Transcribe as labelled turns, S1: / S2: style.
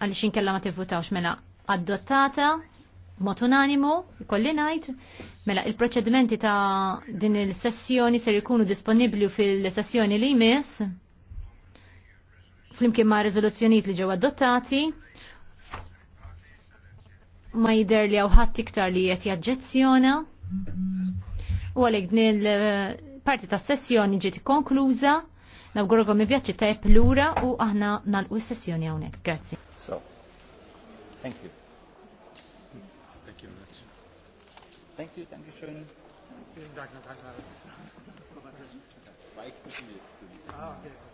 S1: għaliex inkella ma tivvutawx mela adottata motunanimo, unanimu, kolli ngħid, mela il-proċedimenti ta' din il-sessjoni ser ikunu disponibbli fil-sessjoni li jmiss flimkien ma' riżoluzzjonijiet li ġew adottati ma jider li għawħat iktar li qed jaġġezzjona. U għalhekk din il-parti eh, tas-sessjoni ġiet konkluza, mi vjaġġi ta' plura u aħna nalqu s-sessjoni hawnhekk. Grazzi. So,
S2: thank you. Thank you very much.
S3: Thank you, danke schön. Vielen Dank, Herr
S4: Zwei Kuchen jetzt. Ah, okay.